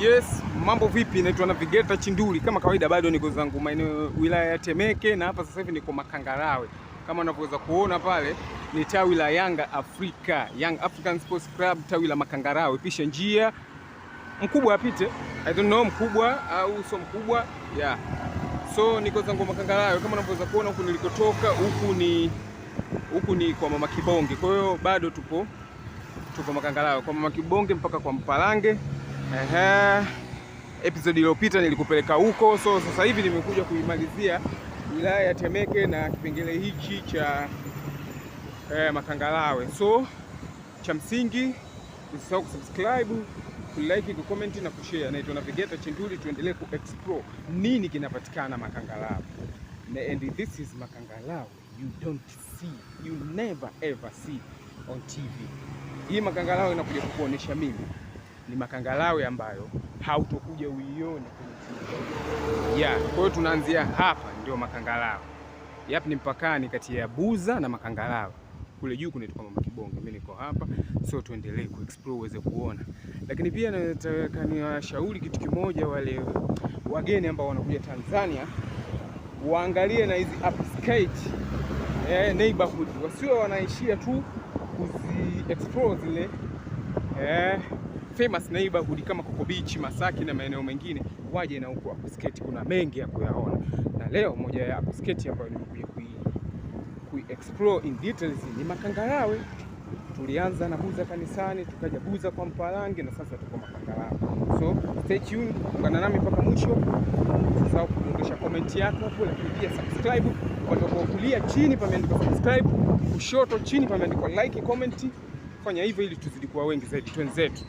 Yes, mambo vipi? Naitwa Navigator Chinduli. Kama kawaida bado niko zangu maeneo wilaya ya Temeke na hapa sasa hivi niko Makangarawe. Kama unavyoweza kuona pale ni tawi la Yanga Africa, Young African Sports Club tawi la Makangarawe. Pisha njia mkubwa apite. I don't know mkubwa au sio mkubwa. Yeah. So niko zangu Makangarawe. Kama unavyoweza kuona huku nilikotoka huku ni huku ni kwa Mama Kibonge. Kwa hiyo bado tupo tupo Makangarawe kwa Mama Kibonge mpaka kwa Mpalange. Ehe, episodi iliyopita nilikupeleka huko, so sasa hivi nimekuja kuimalizia wilaya ya Temeke na kipengele hichi cha eh, Makangalawe. So cha msingi usisahau kusubscribe, kulike, kucomment na kushare. Naitwa Navigator Chinduli, tuendelee kuexplore nini kinapatikana Makangalawe. And this is Makangalawe you don't see, you never ever see on TV. Hii Makangalawe inakuja kukuonesha mimi ni makangalawe ambayo hautokuja uione kwenye ya. Kwa hiyo tunaanzia hapa, ndio makangalawe yap, ni mpakani kati ya Buza na makangalawe kule juu kunaitwa Mama Kibonge. Mimi niko hapa, so tuendelee ku explore uweze kuona, lakini pia nataka niwashauri kitu kimoja, wale wageni ambao wanakuja Tanzania waangalie na hizi upskate eh, neighborhood wasiwe wanaishia tu kuzi explore zile eh, famous neighborhood kama Coco Beach, Masaki na maeneo mengine, waje na huko akusketi, kuna mengi ya kuyaona, na leo moja ya akusketi ambayo nimekuja kui, kui explore in details ni makangarawe. Tulianza na Buza kanisani, tukaja Buza kwa Mpalange na sasa tuko Makangarawe. So stay tuned, ungana nami mpaka mwisho. Usisahau kuondosha comment yako hapo, lakini pia subscribe. Watakuwa kulia chini pameandikwa subscribe, kushoto chini pameandikwa like, comment. Fanya hivyo ili tuzidi kuwa wengi zaidi, twenzetu.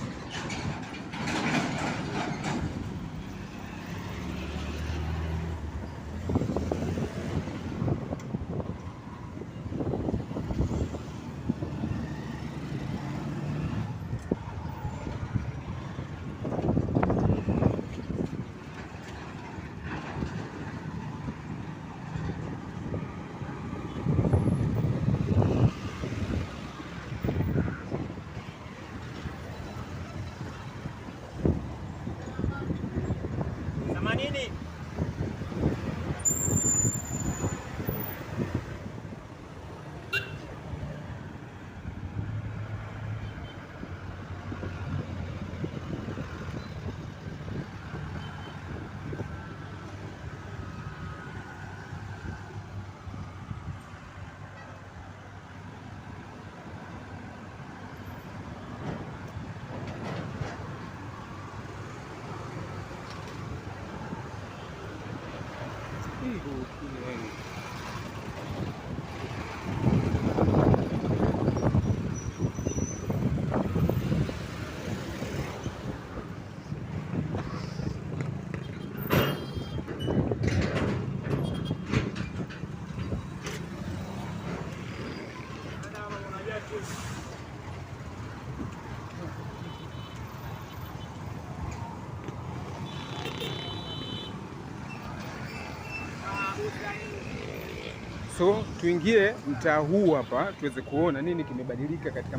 So tuingie mtaa huu hapa tuweze kuona nini kimebadilika katika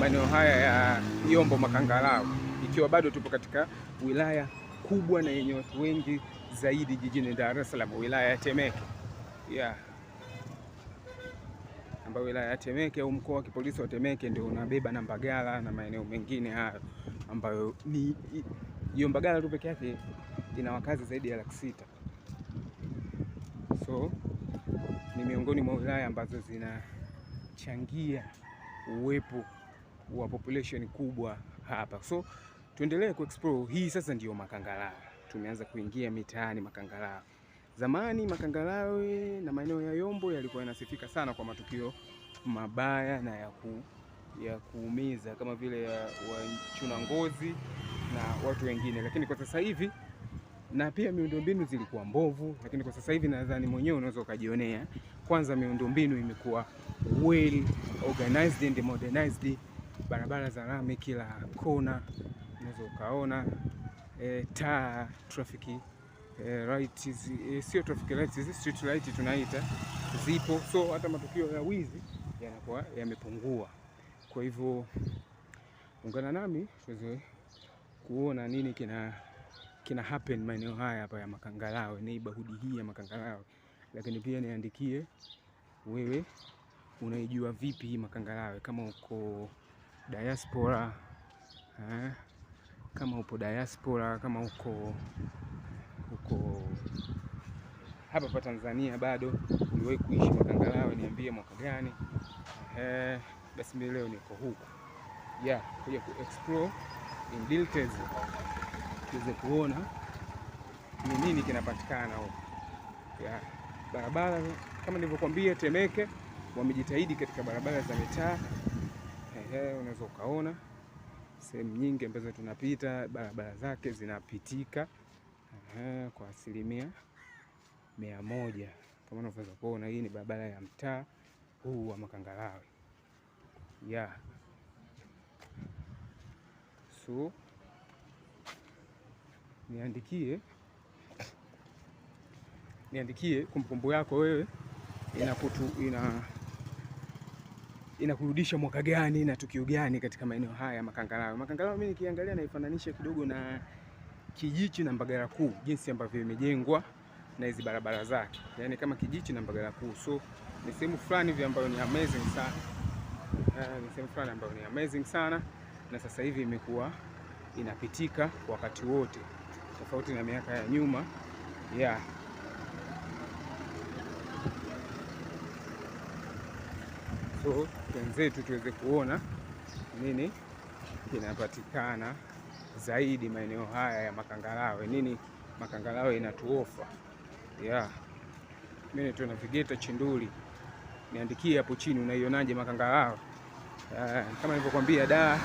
maeneo haya ya Yombo Makangalao, ikiwa bado tupo katika wilaya kubwa na yenye watu wengi zaidi jijini Dar es Salaam, wilaya ya Temeke yeah, ambayo wilaya ya Temeke au mkoa wa kipolisi wa Temeke ndio unabeba na Mbagala na maeneo mengine hayo ambayo ni hiyo Mbagala tu peke yake ina wakazi zaidi ya laki sita so ni miongoni mwa wilaya ambazo zinachangia uwepo wa population kubwa hapa. So tuendelee kuexplore hii. Sasa ndiyo Makangalawe, tumeanza kuingia mitaani Makangalawe. Zamani Makangalawe na maeneo ya Yombo yalikuwa yanasifika sana kwa matukio mabaya na ya ku ya kuumiza kama vile ya wachuna ngozi na watu wengine, lakini kwa sasa hivi na pia miundombinu zilikuwa mbovu, lakini kwa sasa hivi nadhani mwenyewe unaweza ukajionea. Kwanza miundombinu imekuwa well organized and modernized, barabara za lami kila kona unaweza ukaona e, taa traffic e, eh, lights e, sio traffic lights, street light tunaita zipo, so hata matukio ya wizi yanakuwa yamepungua. Kwa hivyo ungana nami tuweze kuona nini kina kina happen maeneo haya hapa ya Makangalawe, neighborhood hii ya makangarawe Lakini pia niandikie wewe unaijua vipi hii Makangalawe, kama uko diaspora eh, kama upo diaspora, kama uko uko hapa pa Tanzania bado uliwahi kuishi makangarawe niambie mwaka gani? Eh, basi mimi leo niko huku yeah, kuja ku explore in details tuweze kuona ni nini kinapatikana huko. Barabara kama nilivyokuambia, Temeke wamejitahidi katika barabara za mitaa. Unaweza ukaona sehemu nyingi ambazo tunapita barabara zake zinapitika Aha, kwa asilimia mia moja kama unavyoweza kuona. Hii ni barabara ya mtaa huu wa Makangalawe ya yeah. so niandikie, niandikie kumbukumbu yako wewe inakutu, ina inakurudisha mwaka gani na tukio gani katika maeneo haya Makangalawe. Makangalawe mimi nikiangalia naifananisha kidogo na Kijichi na Mbagala Kuu, jinsi ambavyo imejengwa na hizi barabara zake, yaani kama Kijichi na Mbagala Kuu. So ni sehemu fulani hivi ambayo ni amazing sana, eh, ni sehemu fulani ambayo ni amazing sana, na sasa hivi imekuwa inapitika wakati wote tofauti na miaka ya nyuma yeah. So twenzetu tuweze kuona nini kinapatikana zaidi maeneo haya ya Makangalawe, nini Makangalawe inatuofa yeah. Mimi naitwa Navigator Chinduli, niandikie hapo chini unaionaje Makangalawe. Uh, eh, kama nilivyokuambia da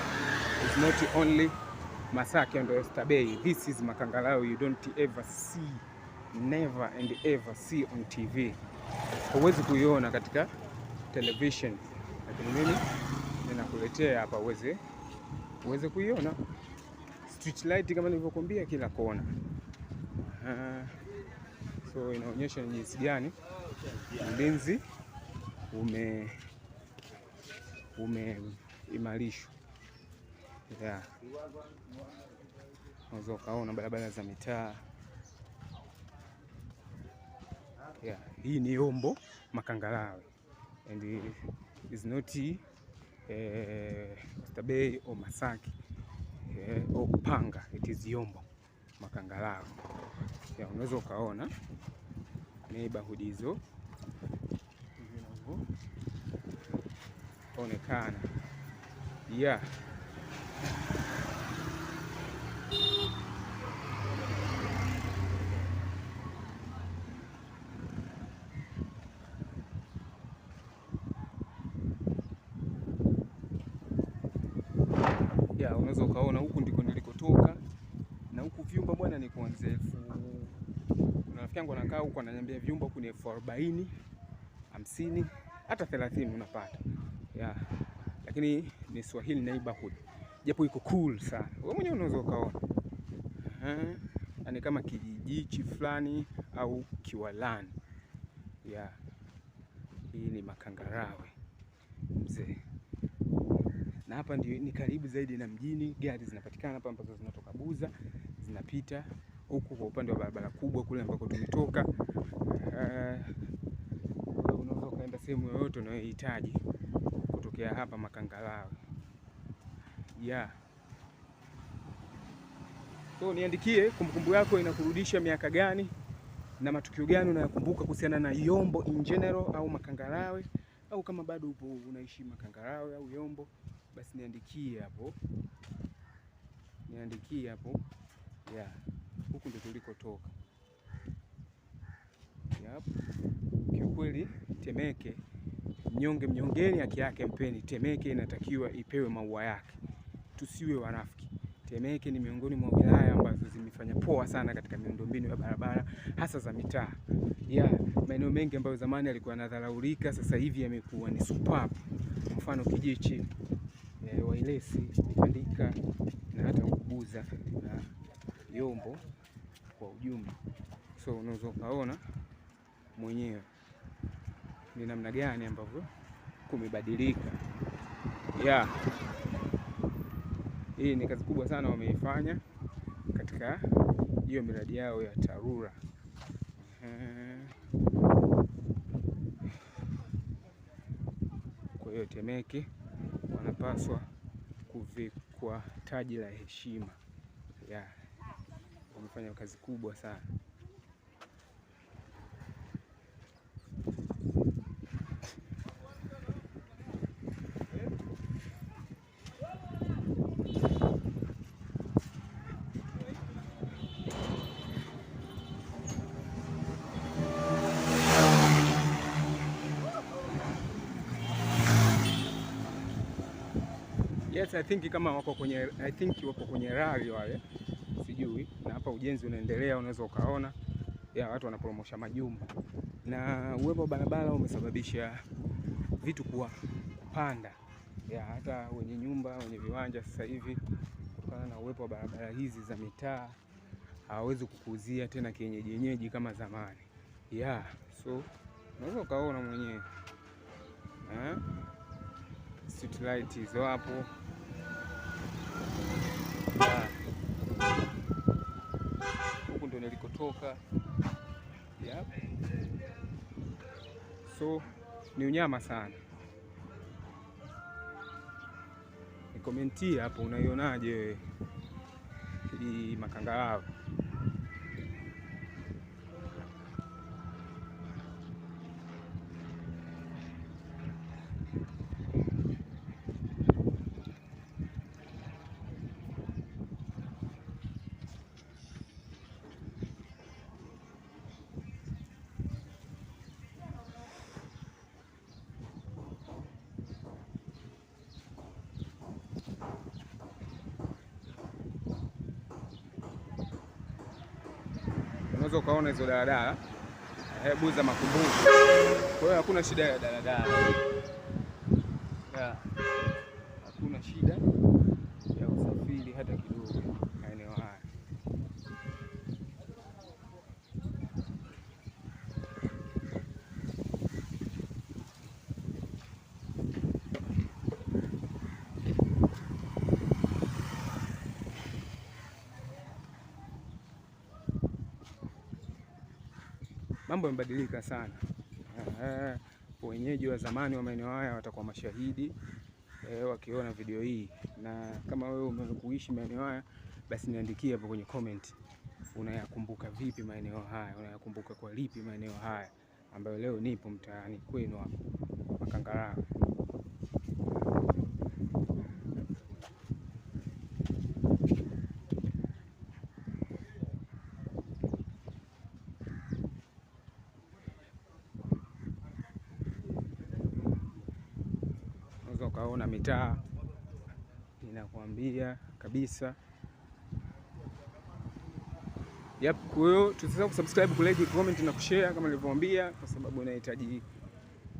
is not only Masaki and Oyster Bay. This is Makangalao you don't ever see, never and ever see on TV. Huwezi kuiona katika television, lakini mimi ninakuletea hapa uweze uweze kuiona. Street light kama nilivyokuambia kila kona. Uh, so inaonyesha jinsi gani ulinzi ume umeimarishwa bidhaa. Unaweza ukaona barabara za mitaa. Yeah, hii ni Yombo Makangalawe and is not eh, Oysterbay or Masaki eh, or Upanga. It is Yombo Makangalawe. Yeah, unaweza ukaona neighborhood hizo onekana yeah. unakaa huko ananiambia vyumba huku ni elfu arobaini hamsini hata thelathini unapata yeah. Lakini ni Swahili neighborhood japo iko cool sana, wewe mwenyewe unaweza ukaona eh, ni kama kijijichi fulani au kiwalani yeah. Hii ni Makangarawe mzee, na hapa ndio ni karibu zaidi na mjini. Gari zinapatikana hapa ambazo zinatoka Buza zinapita huku kwa upande wa barabara kubwa kule ambako tumetoka. Uh, eh, unaweza ukaenda sehemu yoyote unayohitaji kutokea hapa Makangalawe yeah. So niandikie kumbukumbu yako inakurudisha miaka gani na matukio gani unayokumbuka kuhusiana na Yombo in general au Makangalawe au kama bado upo unaishi Makangalawe au Yombo, basi niandikie hapo, niandikie hapo yeah huku ndio tulikotoka. Yep. Kiukweli Temeke mnyonge mnyongeni, haki yake mpeni. Temeke inatakiwa ipewe maua yake, tusiwe wanafiki. Temeke ni miongoni mwa wilaya ambazo zimefanya poa sana katika miundombinu ya barabara hasa za mitaa ya yeah. Maeneo mengi ambayo zamani yalikuwa yanadharaulika sasa hivi yamekuwa ni superb, mfano Kijichi e, Wailesi, Ipandika na hata Ukubuza na Yombo kwa ujumla. So unaweza ukaona mwenyewe ni namna gani ambavyo kumebadilika. Yeah. Hii ni kazi kubwa sana wameifanya katika hiyo miradi yao ya TARURA. Kwa hiyo Temeke wanapaswa kuvikwa taji la heshima. Yeah wamefanya kazi kubwa sana. Yes, I think kama wako kwenye I think wako kwenye rally wale hapa ujenzi unaendelea, unaweza ukaona ya watu wanaporomosha majumba, na uwepo wa barabara umesababisha vitu kuwa kupanda ya hata wenye nyumba, wenye viwanja sasa hivi kutokana na uwepo wa barabara hizi za mitaa hawawezi kukuzia tena kienyejienyeji kama zamani ya so unaweza ukaona mwenyewe eh, street light hizo hapo. kutoka yep. So ni unyama sana. Nikomentia hapo, unaionaje wewe hii makangarao? unaona hizo daladala, hebu za makumbusho. Kwa hiyo hakuna shida ya daladala. mambo yamebadilika sana. Wenyeji wa zamani wa maeneo haya watakuwa mashahidi e, wakiona video hii, na kama wewe umekuishi maeneo haya, basi niandikie hapo kwenye comment, unayakumbuka vipi maeneo haya? Unayakumbuka kwa lipi maeneo haya ambayo leo nipo mtaani kwenu hapo Makangarawe. ukaona mitaa, ninakwambia kabisa. Yep, kwa hiyo tusisahau kusubscribe, kulike, comment na kushare kama nilivyowaambia, kwa sababu inahitaji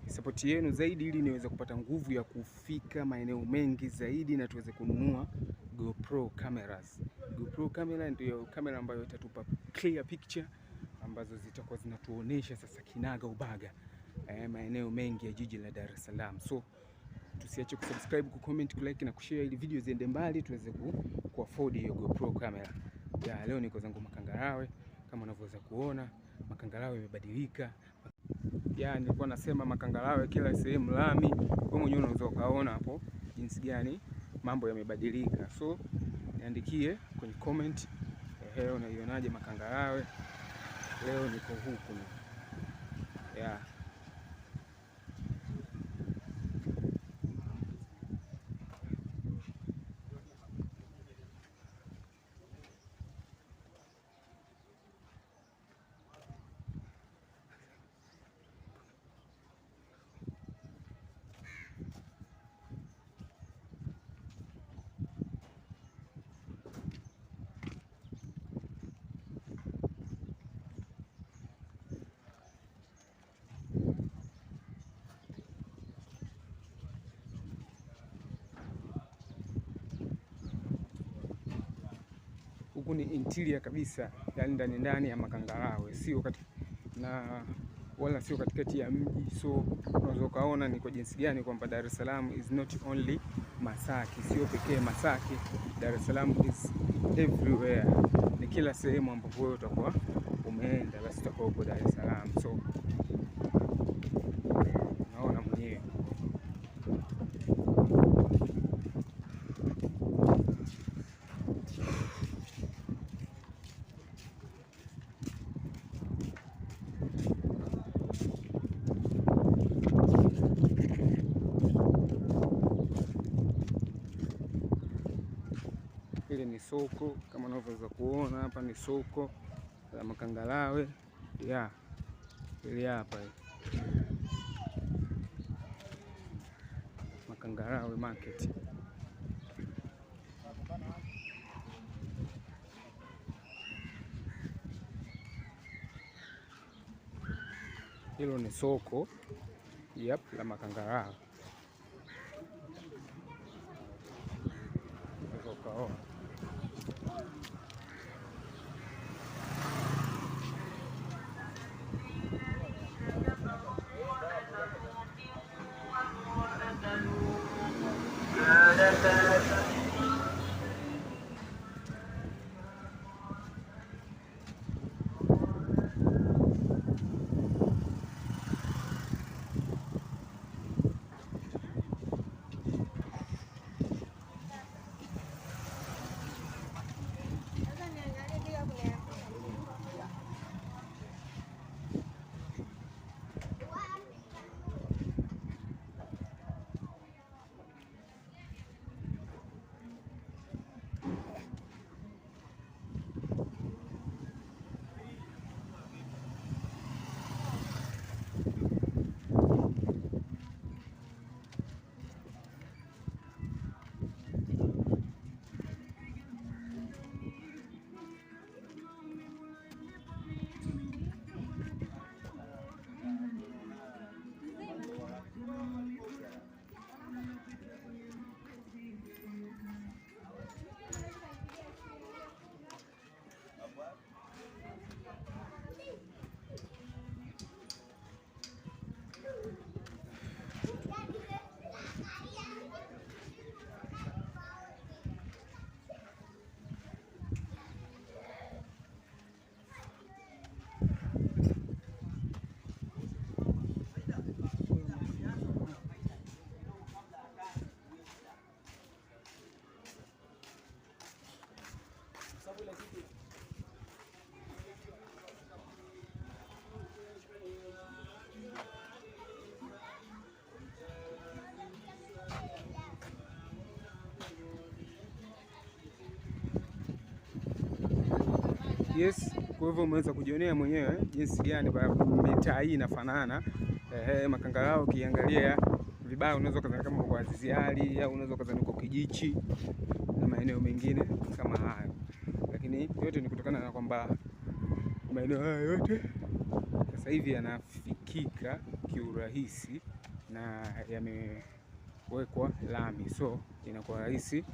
support yenu zaidi ili niweze kupata nguvu ya kufika maeneo mengi zaidi na tuweze kununua GoPro cameras. GoPro camera ndio kamera ambayo itatupa clear picture ambazo zitakuwa zinatuonesha sasa kinaga ubaga eh, maeneo mengi ya jiji la Dar es Salaam. So tusiache kusubscribe, kucomment, kulike na kushare ili video ziende mbali tuweze afford hiyo GoPro camera. Ya leo niko zangu Makangarawe kama unavyoweza kuona Makangarawe imebadilika. Ya nilikuwa nasema Makangarawe kila sehemu lami, kwa mwenyewe unaweza ukaona hapo jinsi gani mambo yamebadilika. So niandikie kwenye comment eh, unaionaje Makangarawe? Leo niko huku. Yeah. interior kabisa, yani ndani ndani ya makangarawe sio kati na wala sio katikati ya mji. So unaweza ukaona ni kwa jinsi gani kwamba Dar es Salaam is not only Masaki, sio pekee Masaki. Dar es Salaam is everywhere, ni kila sehemu ambapo wewe utakuwa umeenda, basi utakuwa uko Dar es Salaam so mfano soko la Makangalawe ya ili hapa Makangalawe market. Hilo ni soko yep, la Makangalawe. Ukaona. Yes, Kwa hivyo umeweza kujionea mwenyewe jinsi gani mitaa hii inafanana. Eh, Makangalao ukiangalia vibaya unaweza kadhani kama uko Aziziali au unaweza kadhani kwa Kijichi na maeneo mengine kama hayo, lakini yote ni kutokana na kwamba maeneo hayo yote sasa hivi yanafikika kiurahisi na yame kuwekwa lami, so inakuwa rahisi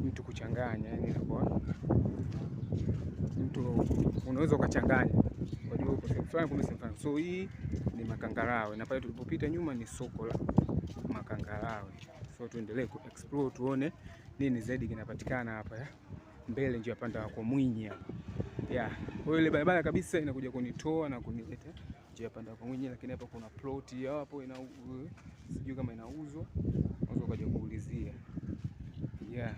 mtu kuchanganya, yani inakuwa mtu unaweza ukachanganya unajua uko sehemu fulani kuna sehemu fulani. So hii ni Makangarawe na pale tulipopita nyuma ni soko la Makangarawe. So tuendelee ku explore tuone nini zaidi kinapatikana hapa ya mbele njia panda kwa Mwinyi hapa. Yeah. Kwa ile barabara kabisa inakuja kunitoa na kunileta njia panda kwa Mwinyi, lakini hapa kuna plot hapo ina sijui kama inauzwa, unaweza ukaja kuulizia yeah.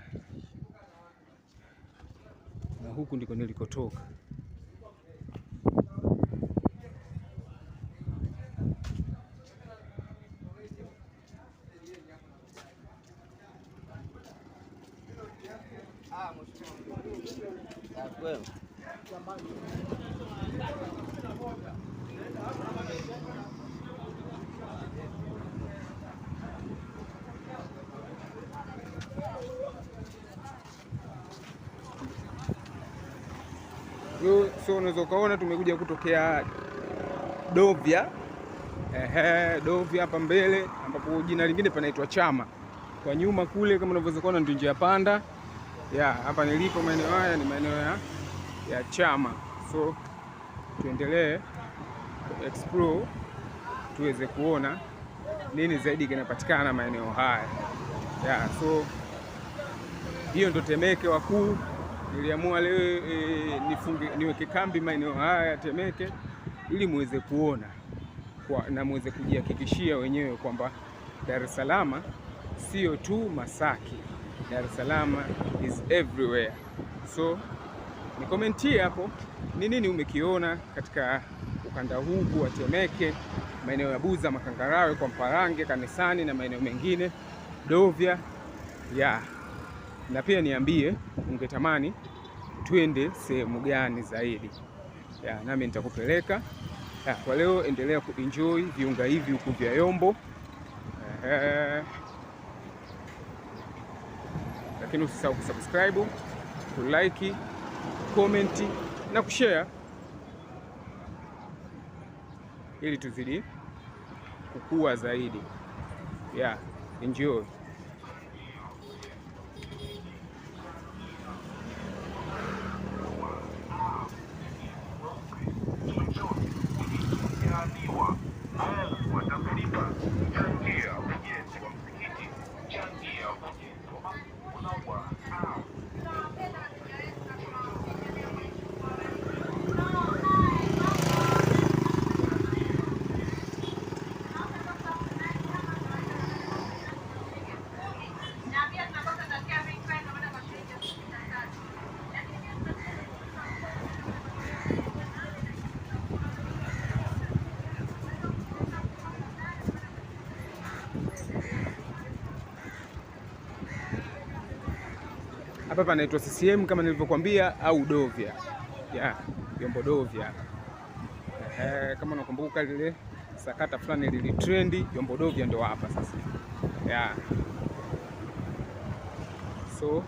Na huku ndiko nilikotoka. Ah, so unaweza ukaona tumekuja kutokea Dovya. Ehe, Dovya hapa mbele ambapo jina lingine panaitwa Chama. Kwa nyuma kule kama unavyoweza kuona ndio njia panda. Ya, hapa nilipo maeneo haya ni maeneo ya, ya Chama. So tuendelee explore tuweze kuona nini zaidi kinapatikana maeneo haya. Ya, so hiyo ndo Temeke wakuu niliamua leo e, nifunge niweke kambi maeneo haya Temeke ili muweze kuona kwa, na muweze kujihakikishia wenyewe kwamba Dar es Salaam sio tu Masaki. Dar es Salaam is everywhere. So ni nikomentie hapo ni nini umekiona katika ukanda huu wa Temeke, maeneo ya Buza, Makangarawe, kwa Mparange, Kanisani na maeneo mengine Dovya ya yeah na pia niambie ungetamani twende sehemu gani zaidi ya, nami nitakupeleka ya. Kwa leo endelea kuenjoy viunga hivi huku vya Yombo eh, lakini usisahau kusubscribe, kulike, comment na kushare ili tuzidi kukua zaidi ya. Enjoy. Hapa panaitwa CCM kama nilivyokuambia, au Dovya ya vyombo Dovya. Ehe, kama unakumbuka lile sakata fulani lilitrendi, vyombo Dovya ndio hapa sasa ya. So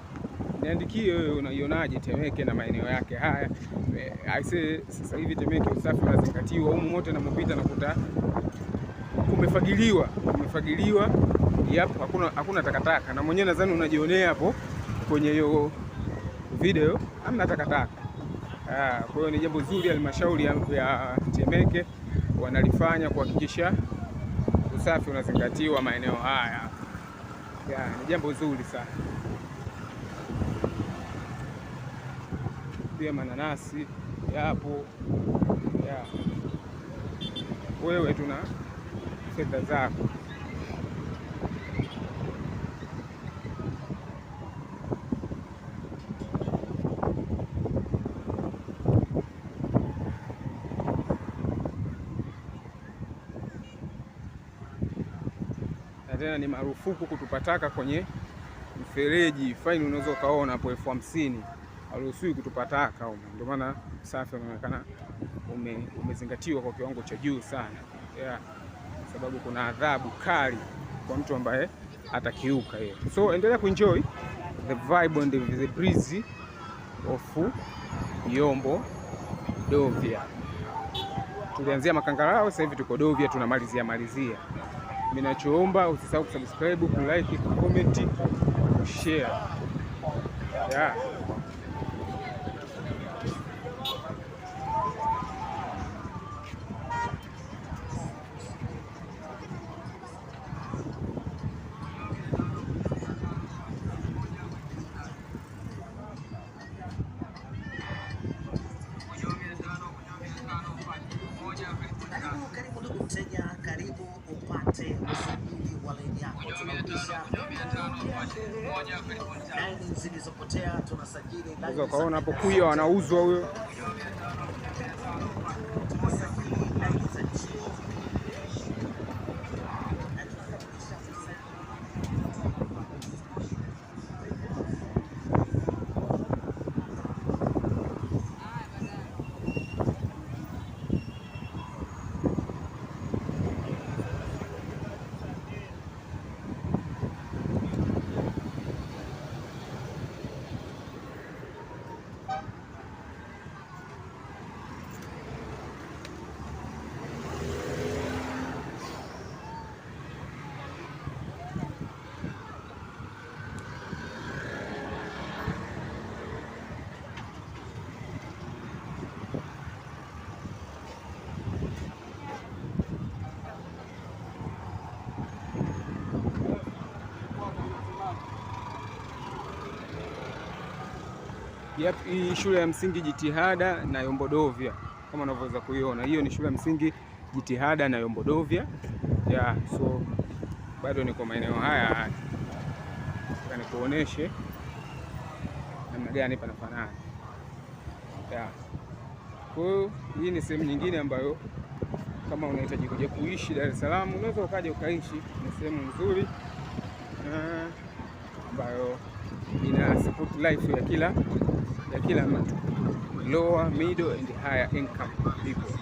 niandikie wewe unaionaje Temeke na maeneo yake haya. Eh, I say sasa hivi Temeke usafi unazingatiwa, humu mote namopita nakuta kumefagiliwa, kumefagiliwa yapo, hakuna, hakuna takataka na mwenyewe nadhani unajionea hapo kwenye hiyo video amna takataka. Ah, kwa hiyo ni jambo zuri halmashauri ya, ya Temeke wanalifanya kuhakikisha usafi unazingatiwa maeneo haya ya, ni jambo zuri sana. Pia mananasi yapo ya. Wewe tuna fedha zako. tena ni marufuku kutupa taka kwenye mfereji. Faini unaweza ukaona hapo elfu hamsini haruhusiwi kutupa taka. Ndio maana usafi unaonekana ume, umezingatiwa kwa kiwango cha juu sana yeah, kwa sababu kuna adhabu kali kwa mtu ambaye atakiuka hiyo. So endelea kuenjoy the vibe and the breeze of Yombo Dovya. Tulianzia makangarao sasa hivi tuko Dovya tunamalizia malizia. Ninachoomba usisahau kusubscribe, kulike, kucomment, kushare. Yeah. zilizopotea tunasajili. Ukaona hapo kuyo anauzwa huyo. Yep, shule ya msingi Jitihada na Yombodovya kama unavyoweza kuiona, hiyo ni shule ya msingi Jitihada na Yombodovya yeah, so bado niko maeneo haya, nikuoneshe namna gani panafanana yeah. Kwa hiyo hii ni sehemu nyingine ambayo kama unahitaji kuja kuishi Dar es Salaam unaweza ukaja ukaishi. Ni sehemu nzuri eh, ambayo ina support life ya kila ya kila mtu, lower middle and higher income people.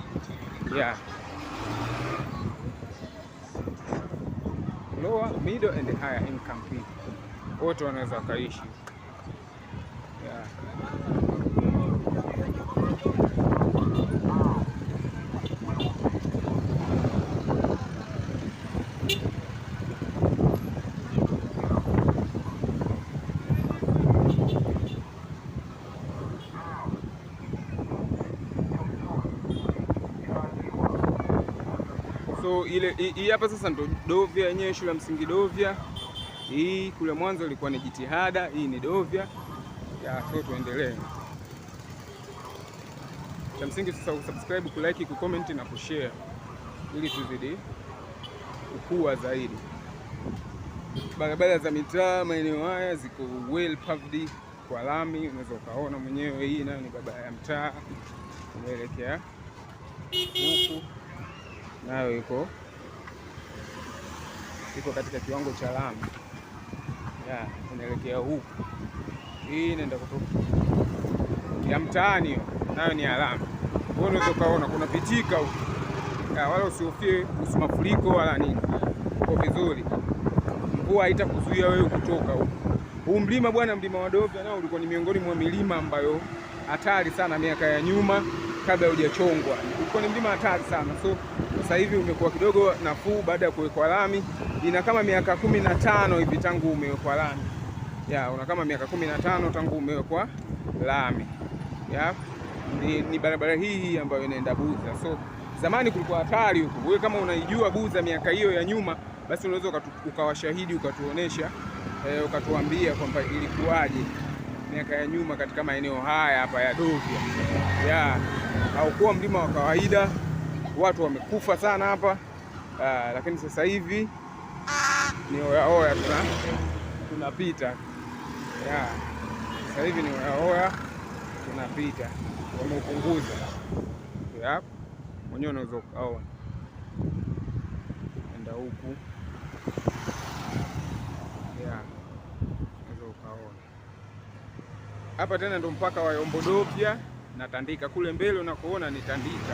Yeah. Lower middle and higher income people wote wanaweza wakaishi. ile. Hii hapa sasa ndo Dovya yenyewe, shule ya msingi Dovya. Hii kule mwanzo ilikuwa ni Jitihada, hii ni Dovya ya so, tuendelee cha msingi sasa usubscribe, kulike, kucomment na kushare ili tuzidi kukua zaidi. Barabara za mitaa maeneo haya ziko well paved kwa lami, unaweza ukaona mwenyewe. Hii nayo ni barabara ya mtaa unaelekea huku nayo iko iko katika kiwango cha lami, inaelekea huku. Hii inaenda ya mtaani, nayo ni alama. Unaweza ukaona kunapitika huku, wala usihofie kuhusu mafuriko wala nini, uko vizuri. Mvua haitakuzuia wewe kutoka huku. Huu mlima bwana, mlima wa Dovya nao ulikuwa ni miongoni mwa milima ambayo hatari sana miaka ya nyuma, kabla hujachongwa, ulikuwa ni mlima hatari sana so sasa hivi umekuwa kidogo nafuu baada ya kuwekwa lami. Ina kama miaka kumi na tano hivi tangu umewekwa lami ya, una kama miaka kumi na tano tangu umewekwa lami ya. Ni, ni barabara hii hii ambayo inaenda Buza. So zamani kulikuwa hatari huku Wewe kama unaijua Buza miaka hiyo ya nyuma, basi unaweza ukawashahidi ukatuonesha e, ukatuambia kwamba ilikuwaje miaka ya nyuma katika maeneo haya hapa ya Dovya ya, haukuwa mlima wa kawaida watu wamekufa sana hapa uh, lakini sasa hivi ni oya tunapita tuna yeah. Sasa hivi ni oya, tunapita, wameupunguza yeah. Mwenyewe unaweza ukaona enda huku yeah. ukaona hapa tena ndo mpaka wa Yombodopia na Tandika kule mbele unakoona ni Tandika.